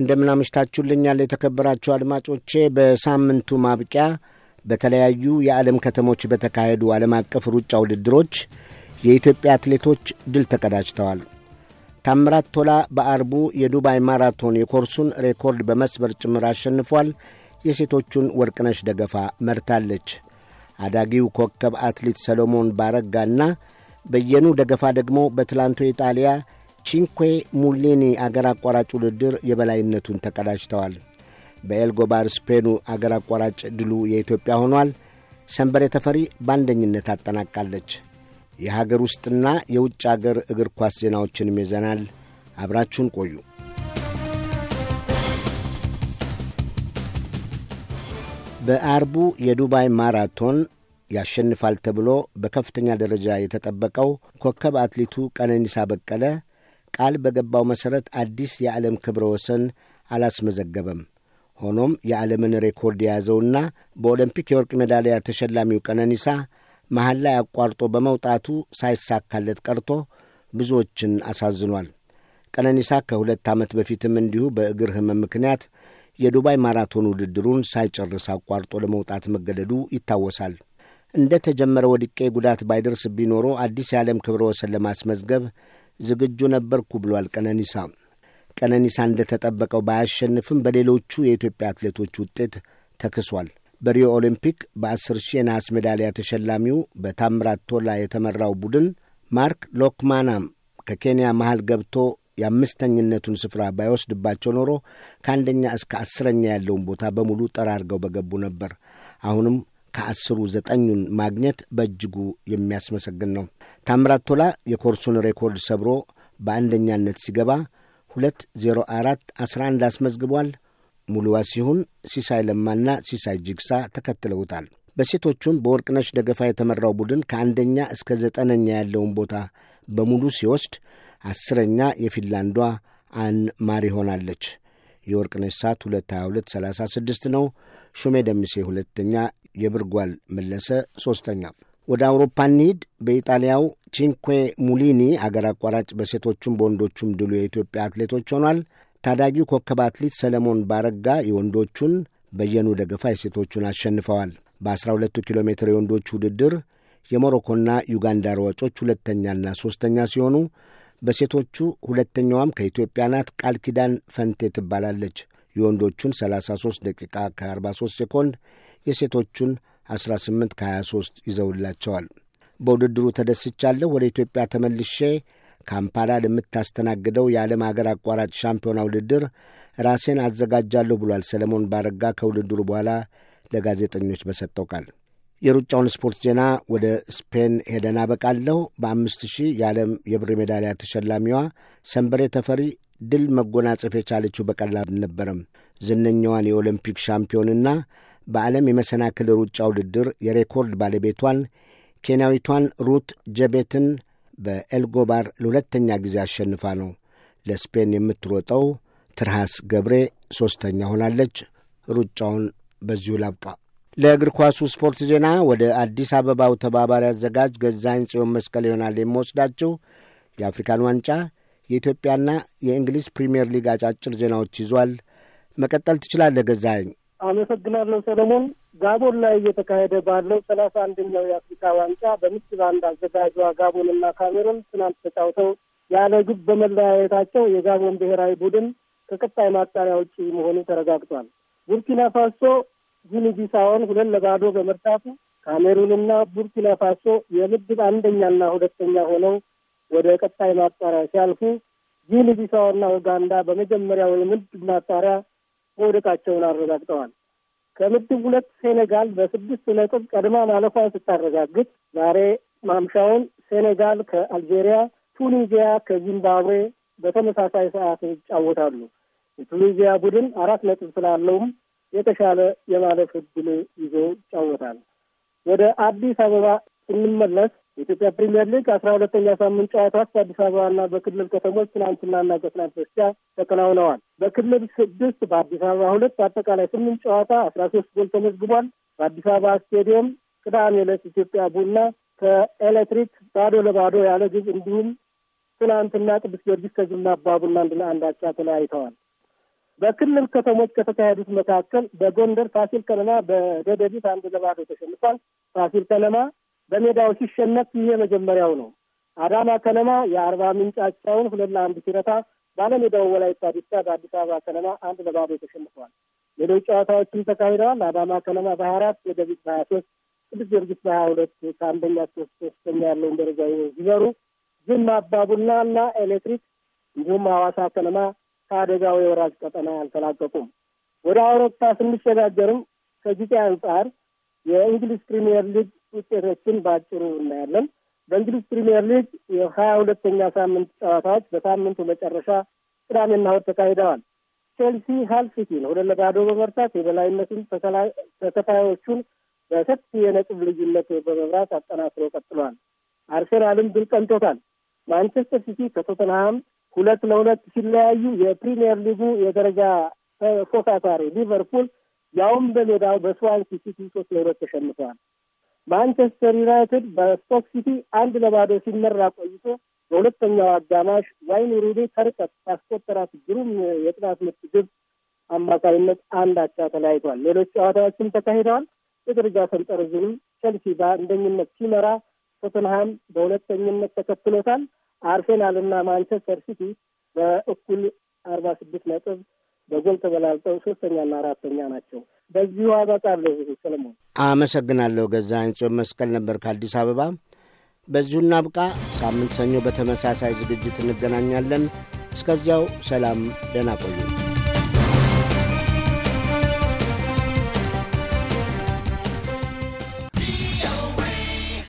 እንደምናመሽታችሁልኛል የተከበራችሁ አድማጮቼ። በሳምንቱ ማብቂያ በተለያዩ የዓለም ከተሞች በተካሄዱ ዓለም አቀፍ ሩጫ ውድድሮች የኢትዮጵያ አትሌቶች ድል ተቀዳጅተዋል። ታምራት ቶላ በአርቡ የዱባይ ማራቶን የኮርሱን ሬኮርድ በመስበር ጭምር አሸንፏል። የሴቶቹን ወርቅነሽ ደገፋ መርታለች። አዳጊው ኮከብ አትሌት ሰሎሞን ባረጋና በየኑ ደገፋ ደግሞ በትላንቱ የጣሊያ ቺንኩዌ ሙሊኒ አገር አቋራጭ ውድድር የበላይነቱን ተቀዳጅተዋል። በኤልጎባር ስፔኑ አገር አቋራጭ ድሉ የኢትዮጵያ ሆኗል። ሰንበሬ ተፈሪ በአንደኝነት አጠናቃለች። የሀገር ውስጥና የውጭ አገር እግር ኳስ ዜናዎችንም ይዘናል። አብራችሁን ቆዩ። በአርቡ የዱባይ ማራቶን ያሸንፋል ተብሎ በከፍተኛ ደረጃ የተጠበቀው ኮከብ አትሌቱ ቀነኒሳ በቀለ ቃል በገባው መሠረት አዲስ የዓለም ክብረ ወሰን አላስመዘገበም። ሆኖም የዓለምን ሬኮርድ የያዘውና በኦሎምፒክ የወርቅ ሜዳሊያ ተሸላሚው ቀነኒሳ መሐል ላይ አቋርጦ በመውጣቱ ሳይሳካለት ቀርቶ ብዙዎችን አሳዝኗል። ቀነኒሳ ከሁለት ዓመት በፊትም እንዲሁ በእግር ሕመም ምክንያት የዱባይ ማራቶን ውድድሩን ሳይጨርስ አቋርጦ ለመውጣት መገደዱ ይታወሳል። እንደ ተጀመረ ወድቄ ጉዳት ባይደርስ ቢኖሮ አዲስ የዓለም ክብረ ወሰን ለማስመዝገብ ዝግጁ ነበርኩ ብሏል ቀነኒሳ። ቀነኒሳ እንደ ተጠበቀው ባያሸንፍም በሌሎቹ የኢትዮጵያ አትሌቶች ውጤት ተክሷል። በሪዮ ኦሊምፒክ በ10 ሺህ የነሐስ ሜዳሊያ ተሸላሚው በታምራት ቶላ የተመራው ቡድን ማርክ ሎክማናም ከኬንያ መሃል ገብቶ የአምስተኝነቱን ስፍራ ባይወስድባቸው ኖሮ ከአንደኛ እስከ አስረኛ ያለውን ቦታ በሙሉ ጠራርገው በገቡ ነበር። አሁንም ከአስሩ ዘጠኙን ማግኘት በእጅጉ የሚያስመሰግን ነው። ታምራት ቶላ የኮርሱን ሬኮርድ ሰብሮ በአንደኛነት ሲገባ 204 11 አስመዝግቧል። ሙሉዋ ሲሁን፣ ሲሳይ ለማና ሲሳይ ጅግሳ ተከትለውታል። በሴቶቹም በወርቅነሽ ደገፋ የተመራው ቡድን ከአንደኛ እስከ ዘጠነኛ ያለውን ቦታ በሙሉ ሲወስድ አስረኛ የፊንላንዷ አን ማሪ ሆናለች። የወርቅነሽ ሰዓት 22236 ነው። ሹሜ ደምሴ ሁለተኛ፣ የብርጓል መለሰ ሦስተኛ። ወደ አውሮፓ እንሂድ። በኢጣሊያው ቺንኩዌ ሙሊኒ አገር አቋራጭ በሴቶቹም በወንዶቹም ድሉ የኢትዮጵያ አትሌቶች ሆኗል። ታዳጊው ኮከብ አትሌት ሰለሞን ባረጋ የወንዶቹን፣ በየኑ ደገፋ የሴቶቹን አሸንፈዋል። በ12 ኪሎ ሜትር የወንዶቹ ውድድር የሞሮኮና ዩጋንዳ ሯጮች ሁለተኛና ሦስተኛ ሲሆኑ በሴቶቹ ሁለተኛዋም ከኢትዮጵያ ናት፣ ቃል ኪዳን ፈንቴ ትባላለች። የወንዶቹን 33 ደቂቃ ከ43 ሴኮንድ የሴቶቹን 18 ከ23 ይዘውላቸዋል። በውድድሩ ተደስቻለሁ። ወደ ኢትዮጵያ ተመልሼ ካምፓላ ለምታስተናግደው የዓለም አገር አቋራጭ ሻምፒዮና ውድድር ራሴን አዘጋጃለሁ ብሏል ሰለሞን ባረጋ ከውድድሩ በኋላ ለጋዜጠኞች በሰጠው ቃል። የሩጫውን ስፖርት ዜና ወደ ስፔን ሄደን አበቃለሁ። በአምስት ሺህ የዓለም የብር ሜዳሊያ ተሸላሚዋ ሰንበሬ ተፈሪ ድል መጎናጸፍ የቻለችው በቀላል አልነበረም። ዝነኛዋን የኦሎምፒክ ሻምፒዮንና በዓለም የመሰናክል ሩጫ ውድድር የሬኮርድ ባለቤቷን ኬንያዊቷን ሩት ጀቤትን በኤልጎባር ለሁለተኛ ጊዜ አሸንፋ ነው። ለስፔን የምትሮጠው ትርሃስ ገብሬ ሦስተኛ ሆናለች። ሩጫውን በዚሁ ላብቃ። ለእግር ኳሱ ስፖርት ዜና ወደ አዲስ አበባው ተባባሪ አዘጋጅ ገዛኝ ጽዮን መስቀል ይሆናል የምወስዳችሁ። የአፍሪካን ዋንጫ የኢትዮጵያና የእንግሊዝ ፕሪምየር ሊግ አጫጭር ዜናዎች ይዟል። መቀጠል ትችላለህ ገዛኝ። አመሰግናለሁ ሰለሞን። ጋቦን ላይ እየተካሄደ ባለው ሰላሳ አንደኛው የአፍሪካ ዋንጫ በምድብ ባንድ አዘጋጇ ጋቦንና ካሜሮን ትናንት ተጫውተው ያለ ግብ በመለያየታቸው የጋቦን ብሔራዊ ቡድን ከቀጣይ ማጣሪያ ውጪ መሆኑ ተረጋግጧል። ቡርኪና ፋሶ ጊኒ ሁለት ለባዶ በመርታቱ ካሜሩንና ቡርኪና ፋሶ የምድብ አንደኛና ሁለተኛ ሆነው ወደ ቀጣይ ማጣሪያ ሲያልፉ ጊኒ ኡጋንዳ በመጀመሪያው የምድብ ማጣሪያ መውደቃቸውን አረጋግጠዋል። ከምድብ ሁለት ሴኔጋል በስድስት ነጥብ ቀድማ ማለፏን ስታረጋግጥ ዛሬ ማምሻውን ሴኔጋል ከአልጄሪያ፣ ቱኒዚያ ከዚምባብዌ በተመሳሳይ ሰዓት ይጫወታሉ። የቱኒዚያ ቡድን አራት ነጥብ ስላለውም የተሻለ የማለፍ እድል ይዞ ይጫወታል። ወደ አዲስ አበባ ስንመለስ የኢትዮጵያ ፕሪምየር ሊግ አስራ ሁለተኛ ሳምንት ጨዋታዎች በአዲስ አበባና በክልል ከተሞች ትናንትናና ከትናንት በስቲያ ተከናውነዋል። በክልል ስድስት በአዲስ አበባ ሁለት በአጠቃላይ ስምንት ጨዋታ አስራ ሶስት ጎል ተመዝግቧል። በአዲስ አበባ ስቴዲየም ቅዳሜ ዕለት ኢትዮጵያ ቡና ከኤሌክትሪክ ባዶ ለባዶ ያለ ግብ እንዲሁም ትናንትና ቅዱስ ጊዮርጊስ ከጅማ አባ ቡና አንድ ለአንድ አቻ ተለያይተዋል። በክልል ከተሞች ከተካሄዱት መካከል በጎንደር ፋሲል ከነማ በደደቢት አንድ ለባዶ ተሸንፏል። ፋሲል ከነማ በሜዳው ሲሸነፍ ይሄ መጀመሪያው ነው። አዳማ ከነማ የአርባ ምንጫቸውን ሁለት ለአንድ ሲረታ ባለሜዳው ወላይታ ዲቻ በአዲስ አበባ ከነማ አንድ ለባዶ ተሸንፈዋል። ሌሎች ጨዋታዎችም ተካሂደዋል። አዳማ ከነማ በሀያ አራት ደደቢት በሀያ ሶስት ቅዱስ ጊዮርጊስ በሀያ ሁለት ከአንደኛ ሶስት ሶስተኛ ያለውን ደረጃ ሲዘሩ ዝም አባቡና እና ኤሌክትሪክ እንዲሁም ሐዋሳ ከነማ ከአደጋው የወራጅ ቀጠና አልተላቀቁም። ወደ አውሮፓ ስንሸጋገርም ከጊዜ አንጻር የእንግሊዝ ፕሪሚየር ሊግ ውጤቶችን በአጭሩ እናያለን። በእንግሊዝ ፕሪምየር ሊግ የሀያ ሁለተኛ ሳምንት ጨዋታዎች በሳምንቱ መጨረሻ ቅዳሜና እሑድ ተካሂደዋል። ቼልሲ ሃል ሲቲን ሁለት ለባዶ በመርታት የበላይነቱን ተከታዮቹን በሰፊ የነጥብ ልዩነት በመብራት አጠናክሮ ቀጥሏል። አርሴናልም ድል ቀንቶታል። ማንቸስተር ሲቲ ከቶተንሃም ሁለት ለሁለት ሲለያዩ የፕሪምየር ሊጉ የደረጃ ተፎካካሪ ሊቨርፑል ያውም በሜዳው በስዋንሲ ሲቲ ሶስት ለሁለት ተሸንፈዋል። ማንቸስተር ዩናይትድ በስቶክ ሲቲ አንድ ለባዶ ሲመራ ቆይቶ በሁለተኛው አጋማሽ ዋይን ሩኒ ከርቀት ያስቆጠራት ግሩም የቅጣት ምት ግብ አማካኝነት አንድ አቻ ተለያይቷል። ሌሎች ጨዋታዎችም ተካሂደዋል። የደረጃ ሰንጠረዡንም ቸልሲ በአንደኝነት ሲመራ፣ ቶተንሃም በሁለተኝነት ተከትሎታል። አርሴናል እና ማንቸስተር ሲቲ በእኩል አርባ ስድስት ነጥብ በጎል ተበላልጠው ሶስተኛና አራተኛ ናቸው። በዚሁ አበቃለሁ። ሰለሞን አመሰግናለሁ። ገዛ ጽዮን መስቀል ነበር ከአዲስ አበባ። በዚሁ እናብቃ። ሳምንት ሰኞ በተመሳሳይ ዝግጅት እንገናኛለን። እስከዚያው ሰላም፣ ደህና ቆዩ።